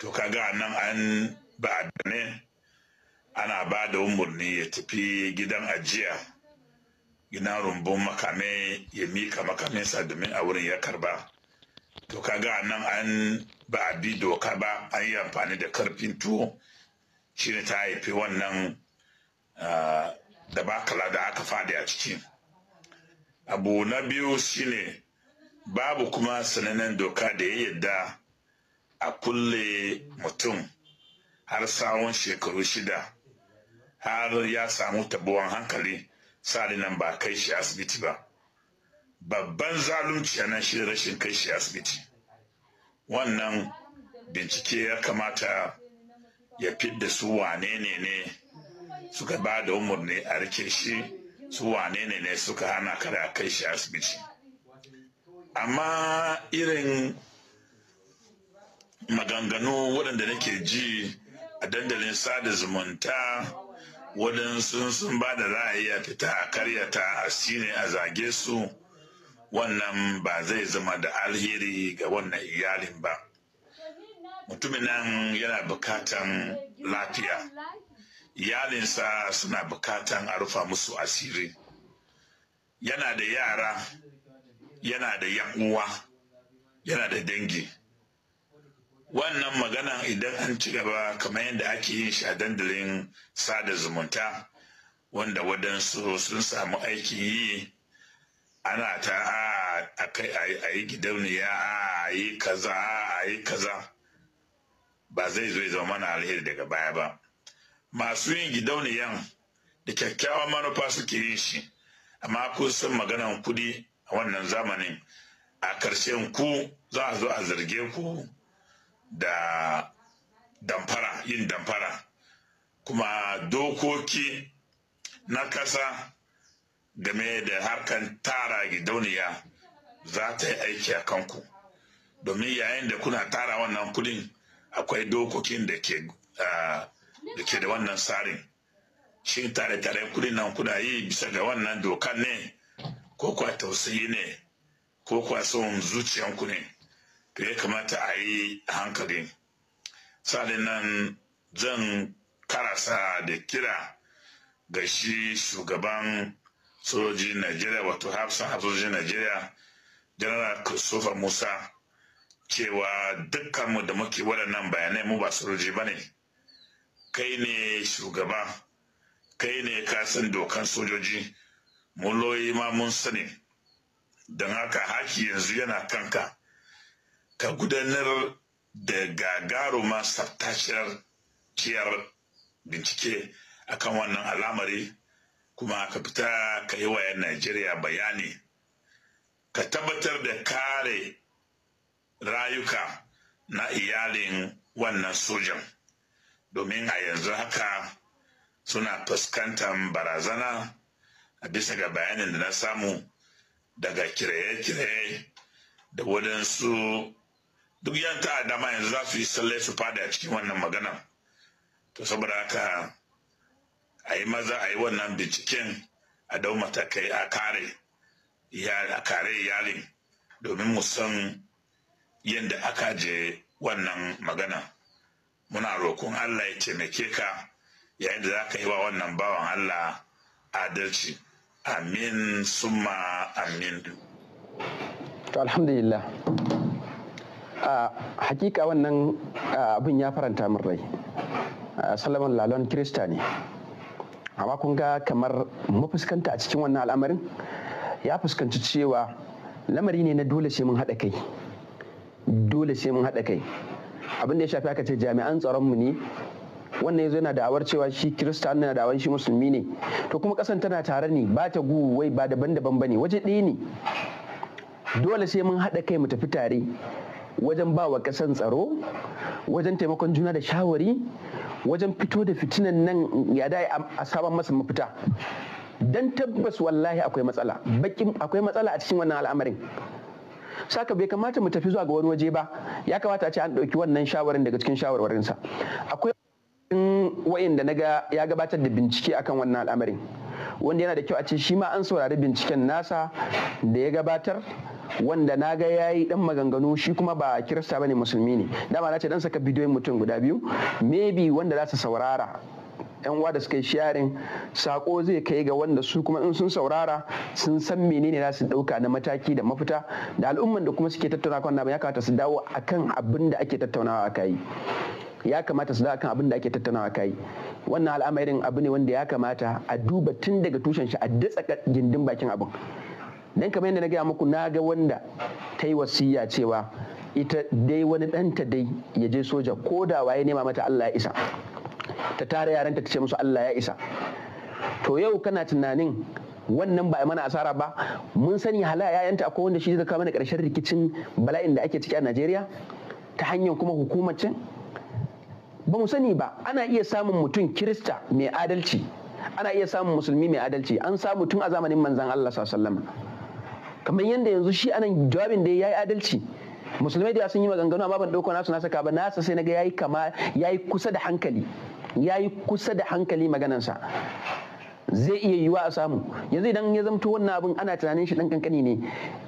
to kaga nan an ba ne ana ba da umurni ya tafi gidan ajiya gina rumbun makame ya mika makaminsa domin a wurin ya karba to kaga nan an ba a bi doka ba an yi amfani da karfin tuwo ne ta haifi wannan da bakala da aka fadi a ciki abu na biyu shine babu kuma sanannen doka da ya yadda a kulle mutum har tsawon shekaru shida har ya samu tabuwan hankali sa'ad nan ba kai shi asibiti ba babban zalunci a nan shi rashin kai shi asibiti wannan bincike ya kamata ya fidda su wane ne ne suka ba da umarni a rike shi su wane ne ne suka hana kada kai shi asibiti amma irin maganganu waɗanda nake ji a dandalin sada zumunta waɗansu sun ba da ra'ayi a fita a karyata a shine a zage su wannan ba zai zama da alheri ga wannan iyalin ba mutumin nan yana bukatan lafiya iyalinsa suna bukatan a rufa musu asiri yana da yara yana da uwa yana da dangi wannan magana idan an ci gaba kamar yadda ake yin shi a dandalin sada zumunta wanda waɗansu sun samu aikin yi ana ta a yi gidauniya a yi kaza a yi kaza ba zai zo zama mana alheri daga baya ba masu yin gidauniyan da kyakkyawan manufa suke yin shi amma kun san maganan kuɗi a wannan zamanin a ƙarshen ku za a zo a zarge ku da damfara yin damfara kuma dokoki na kasa game da harkan tara gidauniya za ta yi aiki a kanku domin yayin da kuna tara wannan kudin akwai dokokin da ke da ke da wannan tsarin Shin tare tare kudin nan kuna yi bisa ga wannan dokan ne ko kwa tausayi ne ko kwa son zuciyanku ne da ya kamata a yi hankali sa'adin nan zan karasa da kira ga shi shugaban sojojin najeriya wato hafsan hafsojin najeriya general christopher musa cewa dukkanmu da muke waɗannan bayanai mu ba sojoji ba ne kai ne shugaba kai ne ka dokan sojoji muloyi ma mun sani don haka haki yanzu yana kanka Ka gudanar da gagaruma sabtaciyar ciyar bincike akan wannan al'amari kuma ka fita ka yi wa najeriya bayani ka tabbatar da kare rayuka na iyalin wannan sojan domin a yanzu haka suna fuskantar barazana a bisa ga bayanin da na samu daga kiraye-kiraye da waɗansu duk yan a dama yanzu za su yi sallai su fada a cikin wannan magana to saboda haka a yi maza a yi wannan binciken a dau matakai a kare a kare iyalin domin mu san yadda aka je wannan magana muna roƙon allah ya taimake ka yayin da za ka yi wa wannan bawan allah adalci amin summa amin to alhamdulillah a hakika wannan abin ya faranta min rai salaman lalon kirista ne amma kun ga kamar mafuskanta a cikin wannan al'amarin ya fuskanci cewa lamari ne na dole sai mun haɗa kai dole sai mun haɗa kai abin da ya shafi aka ce jami'an tsaronmu ne wannan yanzu yana da'awar cewa shi kirista yana da'awar shi musulmi ne to kuma kasan tana tare ne ba ta gu wai ba daban-daban bane waje ɗaya ne dole sai mun haɗa kai mu tafi tare wajen ba wa ƙasan tsaro wajen taimakon juna da shawari wajen fito da fitinan nan ya dai a sabon masa mafita dan tabbas wallahi akwai matsala bakin akwai matsala a cikin wannan al'amarin saka bai kamata mu tafi zuwa ga wani waje ba ya kamata a ce an ɗauki wannan shawarin daga cikin shawarwarinsa akwai wayin da naga ya gabatar da bincike akan wannan al'amarin wanda yana da kyau a ce shi ma an saurari binciken nasa da ya gabatar wanda na ga ya yi dan maganganu shi kuma ba kirista bane musulmi ne dama na ce dan saka bidiyon mutum guda biyu maybe wanda za su saurara yan uwa da suka yi sharing sako zai kai ga wanda su kuma in sun saurara sun san menene za su dauka na mataki da mafita da al'umman da kuma suke tattauna kan ya kamata su dawo akan abin da ake tattaunawa a kai ya kamata su dawo akan abin da ake tattaunawa a kai wannan al'amarin abu ne wanda ya kamata a duba tun daga tushen shi a datsa gindin bakin abin dan kamar yadda na gaya muku na ga wanda ta yi wasiya cewa ita dai wani danta dai ya je soja ko da waye nema mata Allah ya isa ta tara yaranta ta ce musu Allah ya isa to yau kana tunanin wannan ba a mana asara ba mun sani hala yayanta akwai wanda shi zai kawo mana karshen rikicin bala'in da ake ciki a Najeriya ta hanyar kuma hukumar can ba mu sani ba ana iya samun mutum kirista mai adalci ana iya samun musulmi mai adalci an samu tun a zamanin manzan Allah sallallahu alaihi kamar yadda yanzu shi anan jawabin da ya yi adalci musulmai da sun yi maganganu amma ban ɗauko nasu na saka ba nasa sai naga yayi kama yayi kusa da hankali yayi kusa da hankali maganansa zai iya yiwa a samu yanzu idan ya zamto wannan abin ana tunanin shi dan kankani ne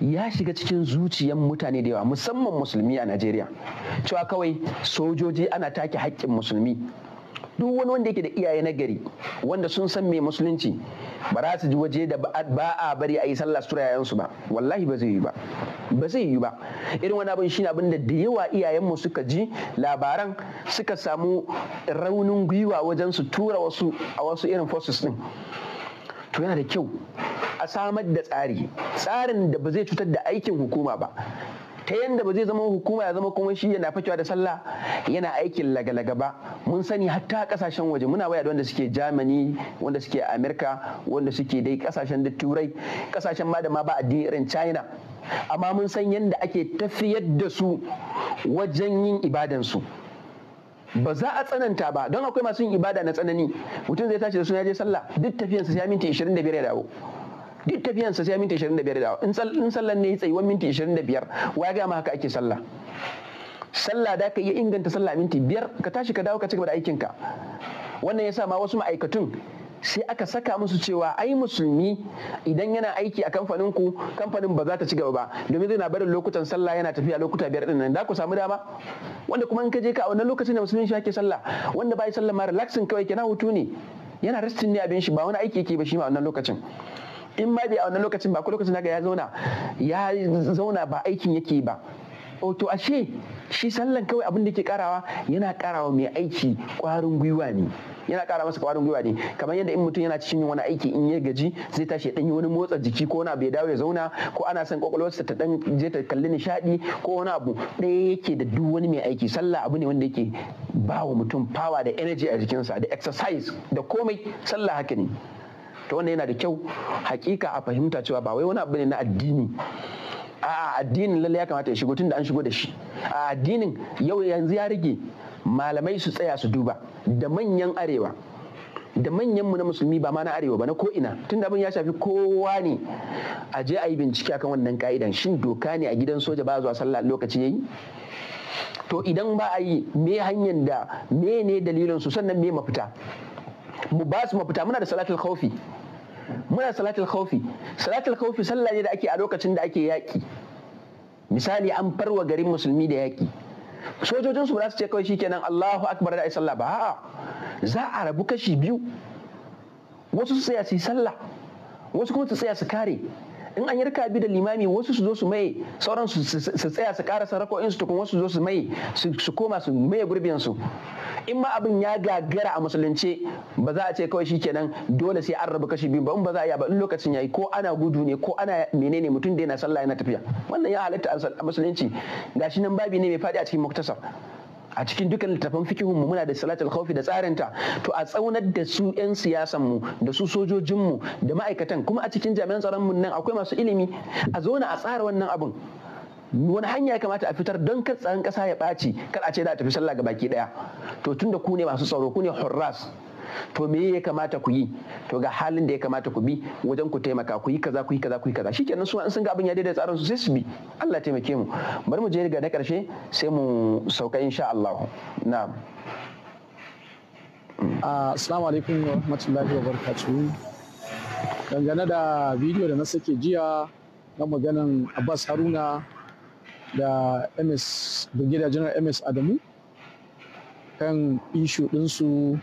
ya shiga cikin zuciyar mutane da yawa musamman musulmi a Najeriya cewa kawai sojoji ana take haƙƙin musulmi duk wani wanda yake da iyaye na gari wanda sun san mai musulunci ba za su ji waje da ba a bari a yi sallah su yayansu ba wallahi ba zai yi ba ba zai yi ba irin wani abin shine abin da da yawa iyayen mu suka ji labaran suka samu raunin gwiwa wajen su tura wasu a wasu irin forces din to yana da kyau a samar da tsari tsarin da ba zai cutar da aikin hukuma ba ta yadda ba zai zama hukuma ya zama kuma shi yana fakewa da sallah yana aikin lagalaga ba mun sani hatta kasashen waje muna waya da wanda suke germany wanda suke america wanda suke dai kasashen da turai kasashen ma da ma ba addini irin china amma mun san yadda ake tafiyar da su wajen yin ibadansu ba za a tsananta ba don akwai masu yin ibada na tsanani mutum zai tashi da suna je sallah duk tafiyansa sai minti 25 ya dawo duk tafiyansa sai minti 25 ya dawo in sallan ne ya tsayi 1 minti 25 wa ya gama haka ake sallah sallah da ka iya inganta sallah minti biyar ka tashi ka dawo ka cigaba da aikinka wannan ya sa ma wasu ma'aikatun sai aka saka musu cewa ai musulmi idan yana aiki a kamfanin ku kamfanin ba za ta cigaba ba domin zai na barin lokutan sallah yana tafiya lokuta biyar din nan da ku samu dama wanda kuma in ka je ka a wannan lokacin da musulmi shi ake sallah wanda bai sallah ma relaxing kawai kenan hutu ne yana resting ne abin shi ba wani aiki yake ba shi ma wannan lokacin in ma bai a wannan lokacin ba ko lokacin da ya zauna ya zauna ba aikin yake ba to ashe shi sallan kawai abin da ke karawa yana karawa mai aiki kwarin gwiwa ne yana kara masa kwarin gwiwa ne kamar yadda in mutum yana cikin wani aiki in ya gaji zai tashi ya yi wani motsa jiki ko na bai dawo ya zauna ko ana son kwakwalwarsa ta dan je ta kalli nishadi ko wani abu ɗaya yake da duk wani mai aiki sallah abu ne wanda yake ba wa mutum fawa da energy a jikinsa da exercise da komai sallah haka ne to wannan yana da kyau hakika a fahimta cewa ba wai wani abu ne na addini a addinin lalle ya kamata ya shigo tunda an shigo da shi a addinin yau yanzu ya rage malamai su tsaya su duba da manyan arewa da manyan mu na musulmi ba ma na arewa ba na ko ina tunda abin ya shafi kowa ne a je a yi bincike akan wannan ka'idan shin doka ne a gidan soja ba zuwa sallah lokaci yayi to idan ba a yi me hanyar da me ne dalilin su sannan me mafita mu ba su mafita muna da salatul khawfi muna salatul khawfi salatul khawfi sallah ne da ake a lokacin da ake yaki, misali an farwa garin musulmi da yaki, sojojin su ba su ce kawai shikenan Allahu akbar da ai sallah ba a'a za a rabu kashi biyu wasu su tsaya su yi sallah wasu kuma su tsaya su kare in an yi rika biyu da limami wasu su zo su mai sauran su tsaya su ƙara rako'in su tukun wasu zo su mai su koma su maye gurbin su in ma abin ya gagara a musulunce ba za a ce kawai shi shikenan dole sai an rabu kashi biyu ba in ba za a yi ba in lokacin yayi ko ana gudu ne ko ana menene mutum da yana sallah yana tafiya wannan ya halatta a musulunci gashi nan babi ne mai faɗi a cikin muktasar a cikin dukkan littafan fikihun mu muna da salatul khawfi da tsarin ta to a tsaunar da su yan siyasan mu da su sojojin mu da ma'aikatan kuma a cikin jami'an tsaron mu nan akwai masu ilimi a zauna a tsara wannan abun wani hanya ya kamata a fitar don kar tsaron kasa ya ɓaci kar a ce da a tafi sallah ga baki daya to tunda ku ne masu tsaro ku ne hurras to me ya kamata ku yi to ga halin da ya kamata ku bi wajen ku taimaka ku yi kaza ku yi kaza ku yi kaza shikenan su an sun ga abin ya daidai tsarin su sai su bi Allah taimake mu bari mu je ga na karshe sai mu sauka insha Allah na'am ah, assalamu alaikum wa rahmatullahi wa barakatuh dangane da bidiyo da na sake jiya na maganan Abbas Haruna da MS Brigadier General MS Adamu kan ishu ɗinsu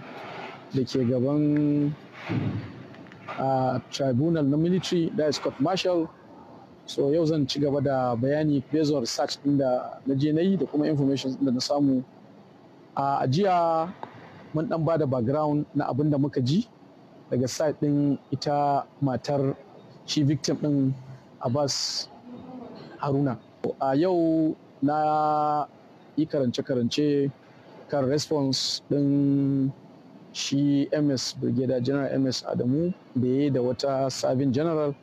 da ke gaban a tribunal na military da scott marshall so yau zan ci gaba da bayani based on research din da na je na yi da kuma information da na samu a jiya mun dan ba da background na abin da muka ji daga site din ita matar shi victim din abbas haruna a yau na yi karance-karance kan response din shi ms brigada general ms adamu da ya da wata sabin general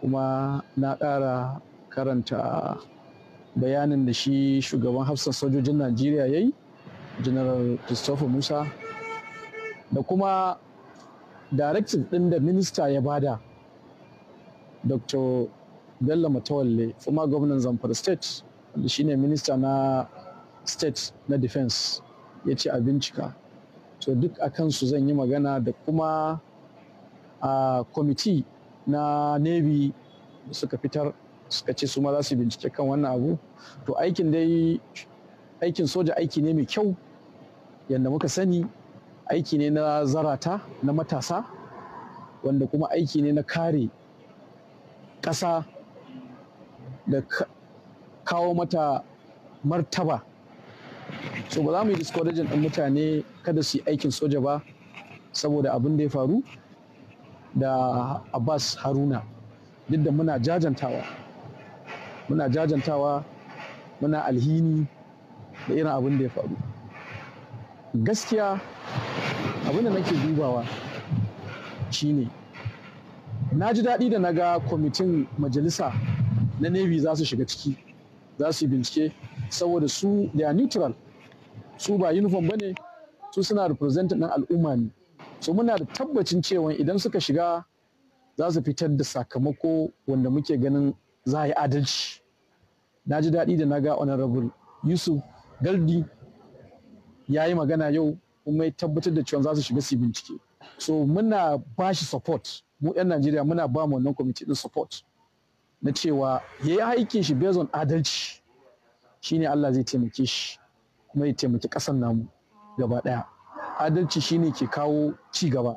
kuma na ƙara karanta bayanin da shi shugaban hafsan sojojin najeriya ya yi general christopher musa da kuma directive ɗin da minista ya bada dr bello matawalle kuma gwamnan zamfara state da shine minista na state na defense ya ce a bincika to duk a kansu zan yi magana da kuma a kwamiti na navy suka fitar suka ce su ma za su bincike kan wannan abu to aikin dai aikin soja aiki ne mai kyau yadda muka sani aiki ne na zarata na matasa wanda kuma aiki ne na kare ƙasa da kawo mata martaba so ba za mu yi discouraging ɗan mutane kada su yi aikin soja ba saboda abin da ya faru da abbas haruna duk da muna jajantawa muna jajantawa muna alhini da irin abin da ya faru gaskiya abin da nake dubawa shine na ji daɗi da na ga kwamitin majalisa na navy za su shiga ciki za su yi bincike saboda su da neutral su ba uniform ba ne su suna representing ɗin al'umma ne so muna da tabbacin cewa idan suka shiga za su fitar da sakamako wanda muke ganin za a yi adalci na ji daɗi da na ga honorable yusuf galdi ya yi magana yau kuma ya tabbatar da cewa za su shiga su bincike so muna ba shi support mu 'yan najeriya muna ba mu wannan kwamiti din support na cewa ya yi aikin shi based on adalci shine allah zai taimake shi kuma ya taimaki ƙasar namu gaba ɗaya adalci shine ke kawo ci gaba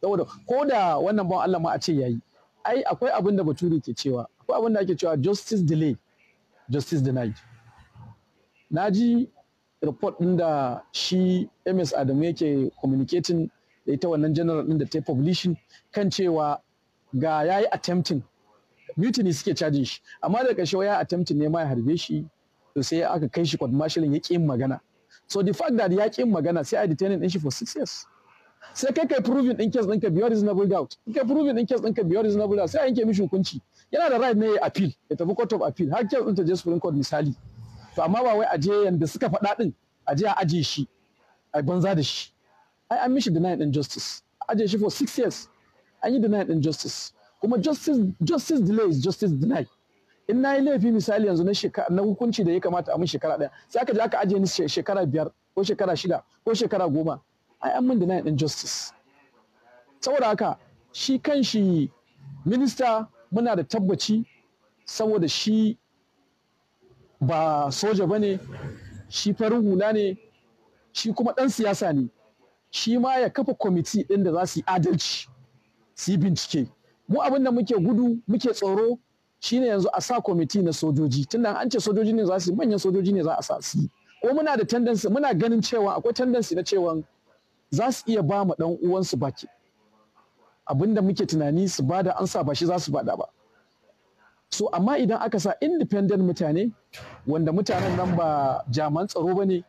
saboda ko da wannan ban Allah ma a ce yayi ai akwai abin da bature ke cewa akwai abin da ake cewa justice delay justice denied na ji report ɗin da shi ms adamu yake communicating da ita wannan general ɗin da ta publishing kan cewa ga ya yi attempting mutiny suke cajin shi amma daga ƙarshe ya attempting ne ma ya harbe shi to sai aka kai shi kwad marshalin ya magana so the fact that ya ƙin magana sai a detain ɗin shi for six years sai kai kai proving ɗin case ɗinka beyond reasonable doubt in kai proving ɗin case ɗinka beyond reasonable doubt sai a yanke mishi hukunci yana da right ne ya appeal ya tafi court of appeal har case ɗin ta je supreme court misali to amma ba wai a je yanda suka faɗa ɗin a je a aje shi a banza da shi ai an mishi deny ɗin justice aje shi for six years an yi deny ɗin justice kuma justice justice delay is justice deny in na yi laifi misali yanzu na shekara na hukunci da ya kamata a mun shekara ɗaya sai aka je aka ajiye ni shekara biyar ko shekara shida ko shekara goma ai an min da na ɗin justice saboda haka shi kan shi minista muna da tabbaci saboda shi ba soja ba ne shi farin hula ne shi kuma ɗan siyasa ne shi ma ya kafa kwamiti ɗin da za su yi adalci su yi bincike mu abin da muke gudu muke tsoro shine yanzu a sa kwamiti na sojoji tunda an ce sojoji ne za su manyan sojoji ne za a sa su ko muna da tendency muna ganin cewa akwai tendency na cewa za su iya ba mu dan uwansu baki abinda muke tunani su bada an sa ba shi za su bada ba so amma idan aka sa independent mutane wanda mutanen nan ba jaman tsaro ba ne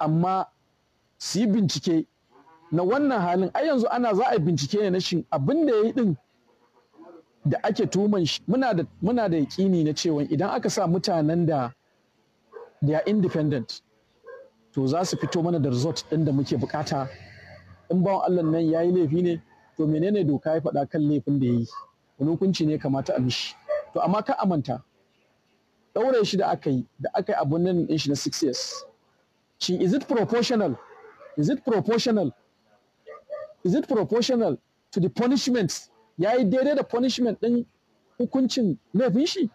amma su yi bincike na wannan halin ai yanzu ana za a bincike ne na shin abinda da ya yi din da ake tuman shi muna da yakini na cewa idan aka sa mutanen da they are independent to za su fito mana da result ɗin da muke bukata in bawan Allah nan ya yi laifi ne to menene doka ya faɗa kan laifin da yayi wani hukunci ne kamata a mishi to amma ka amanta ɗaure shi da aka yi da aka yi abun nan ɗin shi na 6 years shi is it proportional is it proportional is it proportional to the punishment ya yi daidai da punishment ɗin hukuncin laifin shi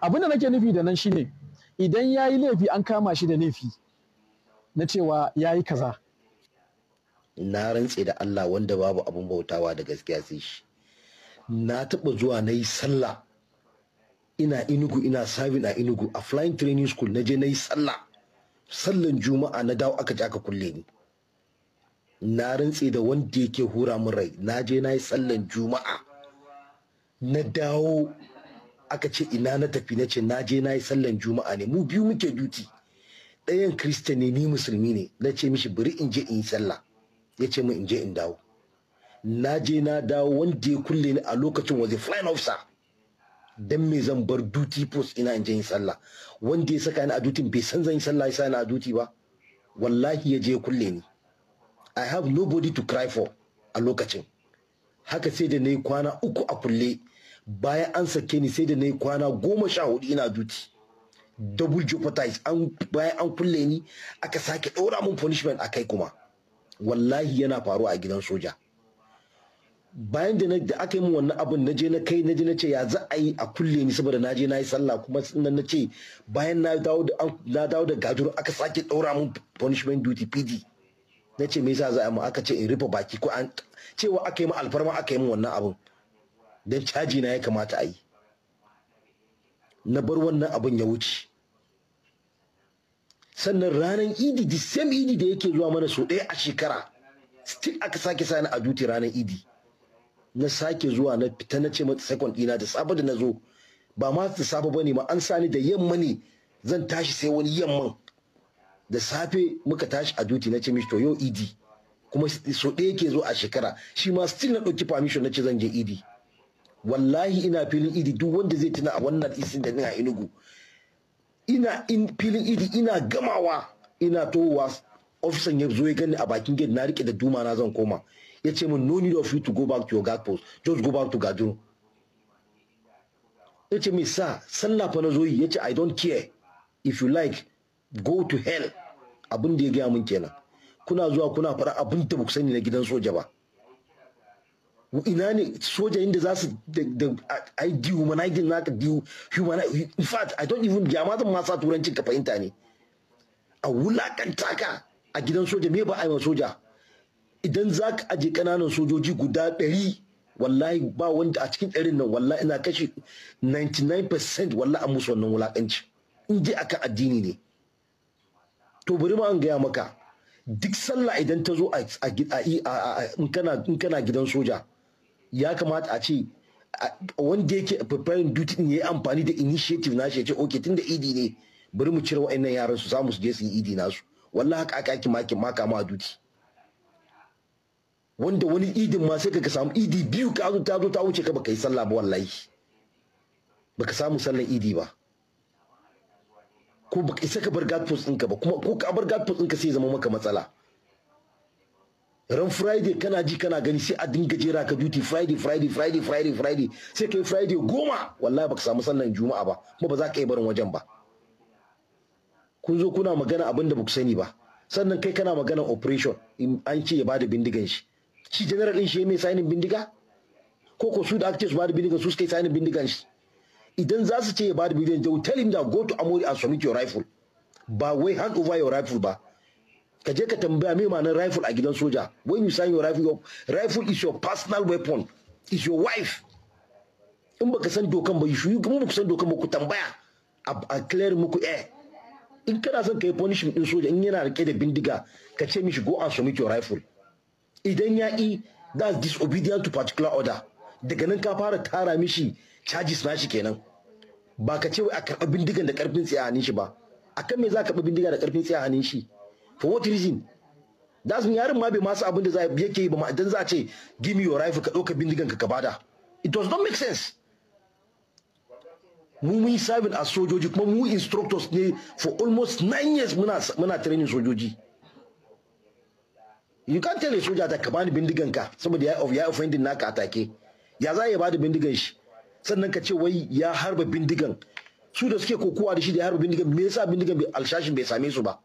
abin da nake nufi da nan shine idan ya yi laifi an kama shi da laifi na cewa ya yi kaza na rantse da Allah wanda babu abin bautawa da gaskiya sai shi na taɓa zuwa na yi sallah ina inugu ina sabin a inugu a flying training school na je na yi sallah sallan juma'a na dawo aka ji aka kulle ni na rantse da wanda yake hura min rai na je na yi tsallan juma'a na dawo aka ce ina na tafi na ce na je na yi tsallan juma'a ne mu biyu muke duti ɗayan kirista ne ni musulmi ne na ce mishi bari in je in yi sallah ya ce min in je in dawo na je na dawo wanda ya kulle ni a lokacin waje flying officer dan me zan bar duty post ina in je in sallah wanda ya saka ni a duty bai san zan yi sallah ya ni a duty ba wallahi ya je kulle ni i have nobody to cry for a lokacin haka sai da na yi kwana uku a kulle bayan an sake ni sai da na yi kwana goma sha hudu ina duti double jeopardize an bayan an kulle ni aka sake ɗora min punishment a kai kuma wallahi yana faru a gidan soja bayan da aka yi min wannan abin na je na kai na je na ce ya za a yi a kulle ni saboda na je na yi sallah kuma sannan na ce bayan na dawo da na gajuru aka sake ɗora min punishment duty pd na ce me yasa za a mu aka ce in rufe baki ko an cewa aka yi mu alfarma aka yi mu wannan abin don caji na ya kamata a yi na bar wannan abin ya wuce sannan ranar idi the same idi da yake zuwa mana so ɗaya a shekara still aka sake sani a duti ranar idi na sake zuwa na fita na ce mata second ina da safe da na zo ba ma da safe ba ne ma an sani da yamma ne zan tashi sai wani yamman da safe muka tashi a duty na ce mishi to yau idi e kuma so ɗaya ke zo a shekara shi ma still na ɗauki permission na ce zan je ED wallahi ina filin ED duk wanda zai tuna a wannan isin da a inugu ina in filin ED ina gamawa ina towa ofisan ya zo ya gani a bakin gate na rike da duma na zan koma ya ce min no need of you to go back to your guard post just go back to gaduru ya ce min sa sallah fa na zo ya ce i don't care if you like go to hell abin da ya gaya min kenan kuna zuwa kuna fara abin da ku sani na gidan soja ba ina ne soja inda za su da ai humanizing na ka human in fact i don't even ya zan ma ka fahimta ne a wulakanta ka a gidan soja me ba a yi soja idan za ka aje kananan sojoji guda ɗari wallahi ba wanda a cikin ɗarin nan wallahi ina kashe 99% wallahi an musu wannan wulakanci in je akan addini ne to bari ma an gaya maka duk sallah idan ta zo in kana gidan soja ya kamata a ce wanda yake preparing duty ne ya amfani da initiative na shi ya ce okay tun da idi ne bari mu cire wa'annan yaran su samu su je su yi idi nasu wallah haka aka ake maki maka ma duty wanda wani idin ma sai ka samu idi biyu ka zo ta zo ta wuce ka yi sallah ba wallahi baka samu sallar idi ba ko ba isa ka bar guard post ɗinka ba kuma ko ka bar guard post ɗinka sai zama maka matsala ran friday kana ji kana gani sai a dinga jera ka duty friday friday friday friday friday sai kai friday goma wallahi baka samu sallan juma'a ba kuma ba za ka yi barin wajen ba kun zo kuna magana abin da baku sani ba sannan kai kana magana operation an ce ya bada bindigan shi shi general din shi mai sainin bindiga ko ko su da aka ce su bada bindigan su suka yi sainin bindigan shi idan za su ce ya bada biliyan jau tell him that go to amori and submit your rifle ba wai hand over your rifle ba ka je ka tambaya me ma'anar rifle a gidan soja when you sign your rifle your rifle is your personal weapon is your wife in baka san dokan ba yi kuma baka san dokan ba ku tambaya a clear muku eh in kana son ka kai punishment din soja in yana rike da bindiga ka ce mishi go and submit your rifle idan ya yi that's disobedient to particular order daga nan ka fara tara mishi charges shi kenan ba ka ce a karɓi bindigan da karfin tsaye a hannun shi ba A kan me za ka karɓi bindiga da karfin tsaye a hannun shi for what reason da when yarin ma bai masu abin da yake yi ba ma'adan za a ce give me your rifle ka ɗauka bindigan ka bada it does not make sense mu mun sabin a sojoji kuma mu instructors ne for almost nine years muna muna training sojoji you can't tell a soldier that ka bani bindigan ka saboda ya of ya offending naka atake ya za ya bada bindigan shi sannan ka ce wai ya harba bindigan su da suke kokowa da shi da ya harba bindigan me yasa bindigan alshashin bai same su ba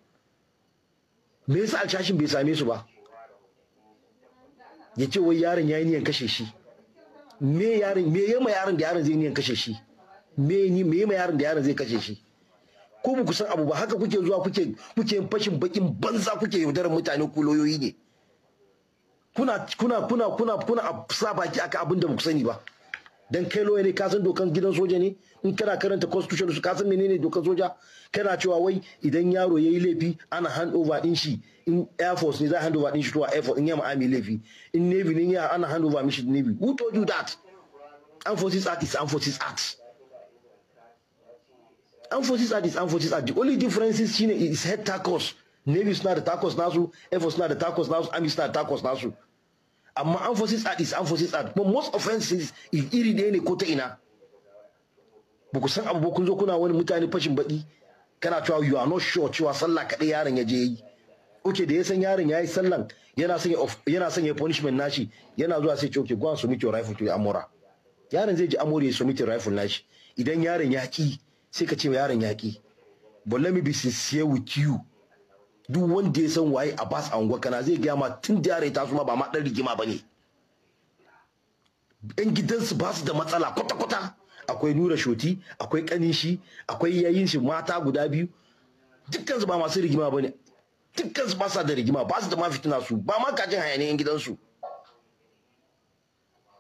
me yasa alshashin bai same su ba ya ce wai yaron ya yi niyan kashe shi me yaron me yema yaron da yaron zai niyan kashe shi me ni me yema yaron da yaron zai kashe shi ko ba ku san abu ba haka kuke zuwa kuke kuke fashin bakin banza kuke yaudarar mutane ku loyoyi ne kuna kuna kuna kuna kuna sa baki akan abin da ba ku sani ba dan kai loya ne ka san dokan gidan soja ne in kana karanta constitution su ka san menene dokan soja kana cewa wai idan yaro yayi laifi ana hand over din shi in air force ne za hand over din shi to air force in yama army laifi in navy ne ya ana hand over mishi navy who told you that armed forces act is armed forces act armed forces act is armed forces act the only difference is shine is head tacos navy suna da tacos nasu air force suna da tacos nasu army suna da tacos nasu amma emphasis at is emphasis at but most offenses iri da ne ko ta ina ba ku san abu kun zo kuna wani mutane fashin baɗi kana cewa you are not sure cewa sallah kaɗai yaron ya je yi oke da ya san yaron ya yi sallan yana son yana son ya punishment nashi yana zuwa sai ce go and rifle to amora yaron zai ji amore ya submit rifle nashi idan yaron ya ki sai ka ce yaron ya ki but let me be sincere with you duk wanda ya san waye Abbas unguwa kana zai gaya ma tun da yare ta suma ba ma dan rigima bane yan gidansu ba su da matsala kwata-kwata akwai nura shoti akwai kanin shi akwai yayin shi mata guda biyu dukkan su ba masu rigima bane dukkan su ba sa da rigima ba su da ma fitina su ba ma kajin hayaniyan gidansu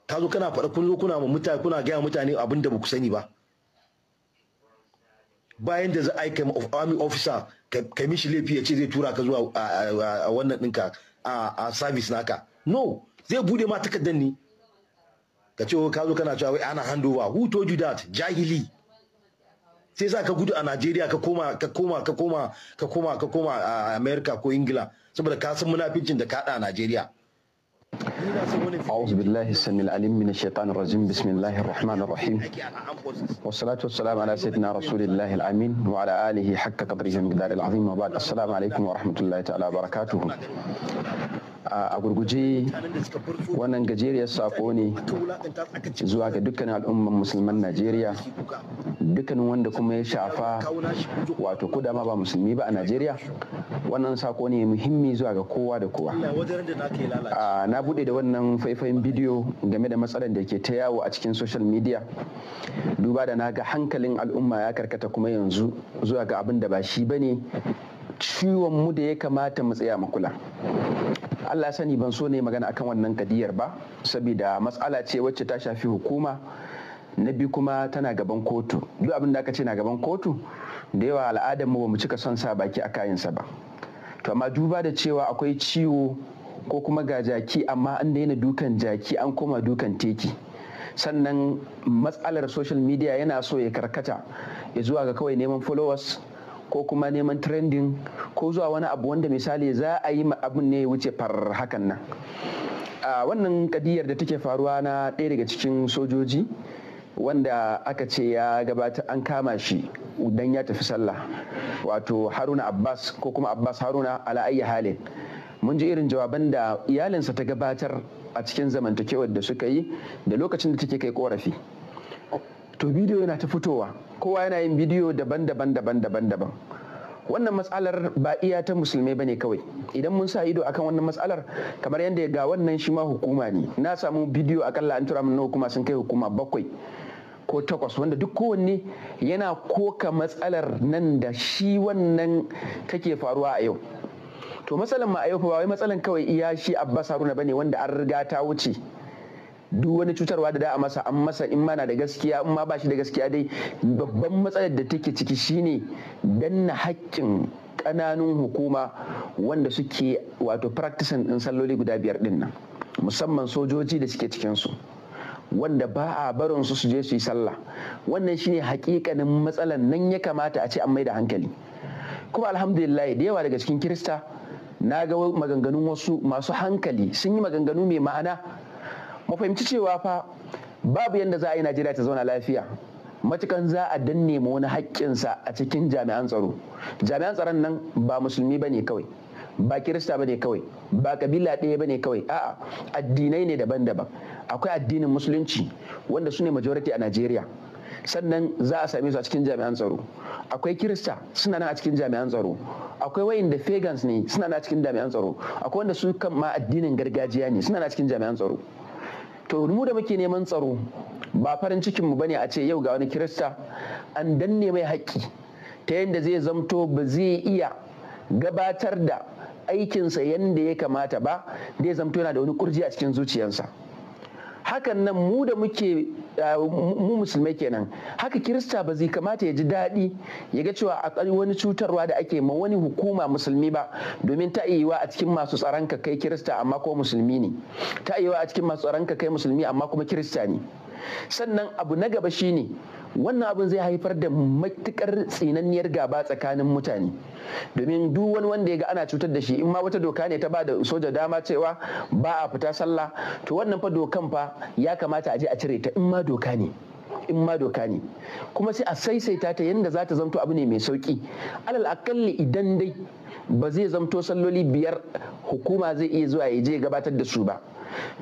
ka zo kana faɗa kun zo kuna ma mutane kuna gaya mutane abin da ba ku sani ba bayan da za a aika army officer kai mishi laifi ya ce zai tura ka zuwa a wannan ɗinka a service naka no zai bude ma takardar ni ka ce ka zo kana cewa wai ana handover who told you that jahili sai sa ka gudu a Najeriya ka koma ka koma ka koma ka koma ka koma a America ko Ingila saboda ka san munafincin da ka a Najeriya أعوذ بالله السميع العليم من الشيطان الرجيم بسم الله الرحمن الرحيم والصلاة والسلام على سيدنا رسول الله الأمين وعلى آله حق قدره المقدار العظيم وبعد السلام عليكم ورحمة الله تعالى وبركاته a gurguje wannan gajeriyar sako ne zuwa ga dukkanin al'umman musulman najeriya dukkanin wanda kuma ya shafa wato ko ma ba musulmi ba a najeriya wannan sako ne muhimmi zuwa ga kowa da kowa na bude da wannan faifayin bidiyo game da matsalar da ke ta yawo a cikin social media duba da na ga hankalin al'umma ya karkata kuma yanzu zuwa ga abin da ba shi bane ciwon mu da ya kamata mu tsaya mu kula Allah sani ban so ne magana akan wannan kadiyar ba saboda matsala ce wacce ta shafi hukuma na biyu kuma tana gaban kotu duk abin da aka ce na gaban kotu da yawa al'adar mu bamu cika son sa baki a kayansa ba to amma duba da cewa akwai ciwo ko kuma ga jaki amma an daina dukan jaki an koma dukan teki sannan matsalar social media yana so ya karkata ya zuwa ga kawai neman followers ko kuma neman trending ko zuwa wani abu wanda misali za a yi abin ne wuce far hakan nan a wannan kadiyar da take faruwa na ɗaya daga cikin sojoji wanda aka ce ya gabata an kama shi dan ya tafi sallah wato haruna abbas ko kuma abbas haruna ala ayi halin mun ji irin jawaban da iyalinsa ta gabatar a cikin zamantakewar da suka yi da lokacin da take kai korafi to bidiyo yana ta fitowa kowa yana yin bidiyo daban-daban daban-daban daban wannan matsalar ba iya ta musulmai bane kawai idan mun sa ido akan wannan matsalar kamar yadda ga wannan shi ma hukuma ne na samu bidiyo akalla an tura min hukuma sun kai hukuma bakwai ko takwas wanda duk kowanne yana koka matsalar nan da shi wannan take faruwa a yau to matsalar ma a yau fa ba wai matsalar kawai iya shi abbas haruna bane wanda an riga ta wuce duk wani cutarwa da da a masa an masa in mana da gaskiya in ma ba shi da gaskiya dai babban matsalar da take ciki shine danna haƙƙin ƙananun hukuma wanda suke wato practicing ɗin salloli guda biyar ɗin nan musamman sojoji da suke cikinsu wanda ba a barin su su je su yi sallah wannan shine haƙiƙanin matsalan nan ya kamata a ce an mai da hankali kuma alhamdulillah da yawa daga cikin kirista na ga maganganun wasu masu hankali sun yi maganganu mai ma'ana mu fahimci cewa fa babu yadda za a yi najeriya ta zauna lafiya matukan za a danne ma wani haƙƙinsa a cikin jami'an tsaro jami'an tsaron nan ba musulmi ba ne kawai ba kirista ba ne kawai ba kabila ɗaya ba ne kawai a'a addinai ne daban-daban akwai addinin musulunci wanda su ne majority a najeriya sannan za a same su a cikin jami'an tsaro akwai kirista suna nan a cikin jami'an tsaro akwai wayanda fagans ne suna nan a cikin jami'an tsaro akwai wanda su kan ma addinin gargajiya ne suna nan a cikin jami'an tsaro to mu da muke neman tsaro ba farin cikin mu bane a ce yau ga wani kirista an danne mai haƙƙi ta yadda zai zamto ba zai iya gabatar da aikinsa yadda ya kamata ba Zai zamto yana da wani kurji a cikin zuciyarsa hakan nan mu da muke eh, mu musulmai kenan haka kirista ba zai kamata ya ji daɗi ya ga cewa akwai wani cutarwa da ake ma wani hukuma musulmi ba domin ta iya a cikin masu tsaron ka kai kirista amma ko musulmi ne ta iya a cikin masu tsaron ka kai musulmi amma kuma kirista ne sannan abu na gaba shine wannan abin zai haifar da matukar tsinanniyar gaba tsakanin mutane domin duk wani wanda ya ga ana cutar da shi in ma wata doka ne ta ba da soja dama cewa ba a fita sallah to wannan fa dokan fa ya kamata a je a cire ta in ma doka ne in ma doka ne kuma sai a saisaita ta yadda za ta zamto abu ne mai sauki alal akalli idan dai ba zai zamto salloli biyar hukuma zai iya zuwa ya je gabatar da su ba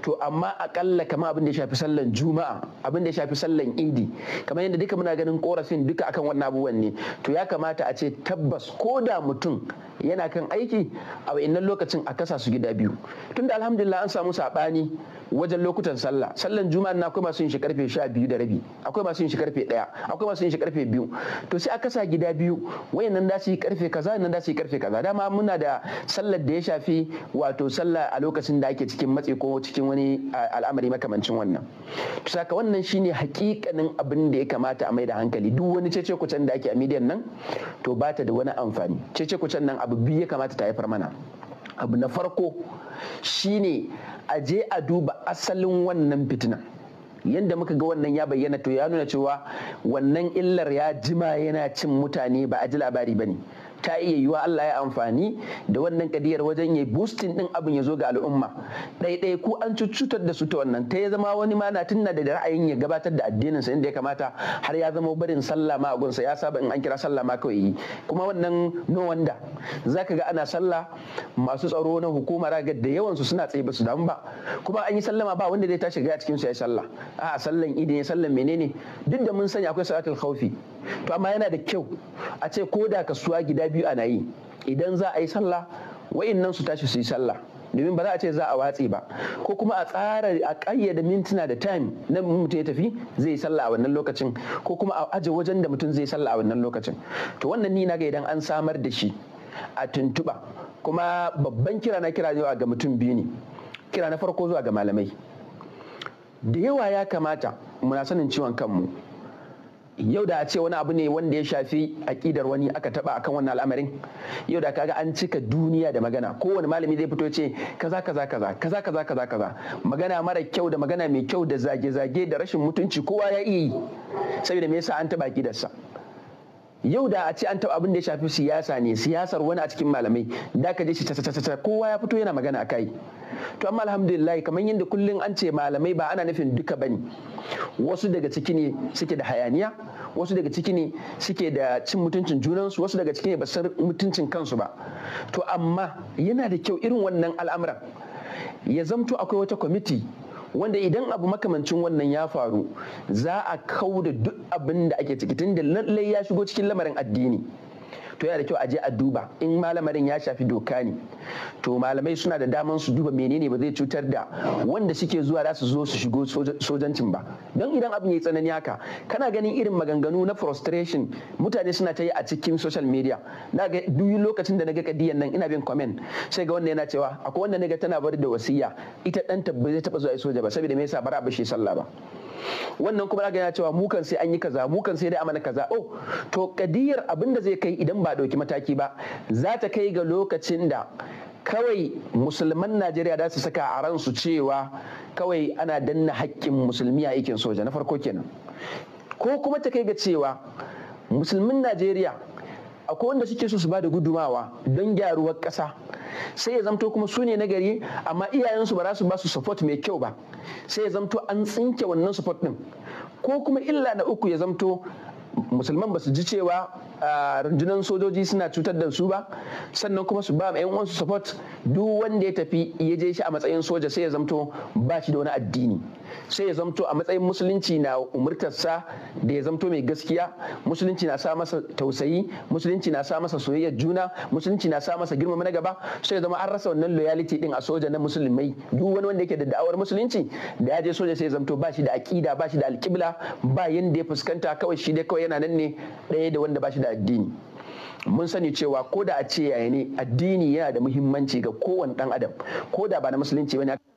to amma akalla kamar abin da ya shafi sallan juma'a abin da ya shafi sallan idi kamar yadda duka muna ganin korafin duka akan wannan abubuwan ne to ya kamata a ce tabbas ko da mutum yana kan aiki a wa'innan lokacin a kasa su gida biyu tunda alhamdulillah an samu saɓani wajen lokutan sallah sallan juma'a na akwai masu yin shi karfe sha da rabi akwai masu yin shi karfe ɗaya akwai masu yin shi karfe biyu to sai aka sa gida biyu wayannan da su yi karfe kaza nan da su yi karfe kaza dama muna da sallar da ya shafi wato sallah a lokacin da ake cikin matsi ko cikin wani al'amari makamancin wannan to saka wannan shine hakikanin abin da ya kamata a mai da hankali duk wani cece kucen da ake a midiyan nan to bata da wani amfani cece kucen nan abu biyu ya kamata ta haifar mana abu na farko shine a je a duba asalin wannan fitina yadda muka ga wannan ya bayyana to ya nuna cewa wannan illar ya jima yana cin mutane ba a ji labari ba ne ta iya yiwa Allah ya amfani da wannan kadiyar wajen ya boosting din abin ya zo ga al'umma ɗaiɗai ko an cutar da su ta wannan ta ya zama wani ma na tunna da ra'ayin ya gabatar da addininsa inda ya kamata har ya zama barin sallah ma a gunsa ya saba in an kira sallah ma kawai yi kuma wannan no wanda zaka ga ana sallah masu tsaro na hukuma ragar da yawan su suna tsaye ba su damu ba kuma an yi sallama ba wanda zai tashi gaya cikin su ya sallah a sallan idin ya sallan menene duk da mun sani akwai salatul khawfi to amma yana da kyau a ce ko da kasuwa gida biyu ana yi idan za a yi sallah nan su tashi su yi sallah domin ba za a ce za a watse ba ko kuma a tsara a ƙayyade mintuna da time na mutum ya tafi zai sallah a wannan lokacin ko kuma a aje wajen da mutum zai sallah a wannan lokacin to wannan ni na ga idan an samar da shi a tuntuɓa kuma babban kira na kira zuwa ga mutum biyu ne kira na farko zuwa ga malamai da yawa ya kamata muna sanin ciwon kanmu yau da a ce wani abu ne wanda ya shafi aƙidar wani aka taba akan wannan al'amarin yau da kaga an cika duniya da magana kowane malami zai fito ce kaza kaza kaza kaza kaza kaza kaza magana mara kyau da magana mai kyau da zage zage da rashin mutunci kowa ya iya yi saboda me yasa an taba sa yau da a ce an taɓa abin da ya shafi siyasa ne siyasar wani a cikin malamai da ka je shi ta kowa ya fito yana magana a kai to amma alhamdulillah kamar yadda kullum an ce malamai ba ana nufin duka bane wasu daga ciki ne suke da hayaniya wasu daga ciki ne suke da cin mutuncin junansu wasu daga ciki ne ba san mutuncin kansu ba to amma yana da kyau irin wannan al'amuran ya zamto akwai wata kwamiti wanda idan abu makamancin wannan ya faru za a kau da duk abin da ake ciki tun da lallai ya shigo cikin lamarin addini to yana da kyau a je a duba in malamarin ya shafi doka ne to malamai suna da damar su duba menene ba zai cutar da wanda suke zuwa za su zo su shigo sojancin ba don idan abin ya tsanani haka kana ganin irin maganganu na frustration mutane suna ta yi a cikin social media na ga duk lokacin da na ga kadiyan nan ina bin comment sai ga wanda yana cewa akwai wanda na ga tana bar da wasiya ita ɗanta ba zai taɓa zuwa soja ba saboda me yasa bara ba shi sallah ba wannan kuma zaka yana cewa mu kan sai an yi kaza mu kan sai dai amana kaza oh to kadiyar abin da zai kai idan ba dauki mataki ba za ta kai ga lokacin da kawai musulman najeriya za su saka a ransu cewa kawai ana danna hakkin musulmi a aikin soja na farko kenan ko kuma ta kai ga cewa musulmin najeriya akwai wanda suke so su ba da gudumawa don gyaruwar ƙasa sai ya zamto kuma su ne nagari amma iyayensu ba za su ba su support mai kyau ba sai ya zamto an tsinke wannan support din ko kuma illa na uku ya zamto musulman ba su ji cewa rundunar sojoji suna cutar da su ba sannan kuma su ba ma 'yan uwansu support duk wanda ya tafi ya je shi a matsayin soja sai ya zamto ba shi da wani addini sai ya zamto a matsayin musulunci na umurtarsa da ya zamto mai gaskiya musulunci na sa masa tausayi musulunci na sa masa soyayyar juna musulunci na sa masa girmama na gaba sai ya zama an rasa wannan loyalty din a soja na musulmai duk wani wanda yake da da'awar musulunci da ya je soja sai ya zamto ba shi da aƙida ba shi da alƙibla ba yanda ya fuskanta kawai shi dai kawai yana nan ne daya da wanda ba shi da addini mun sani cewa ko da a ce yaya ne addini yana da muhimmanci ga kowane dan adam ko da ba na musulunci bane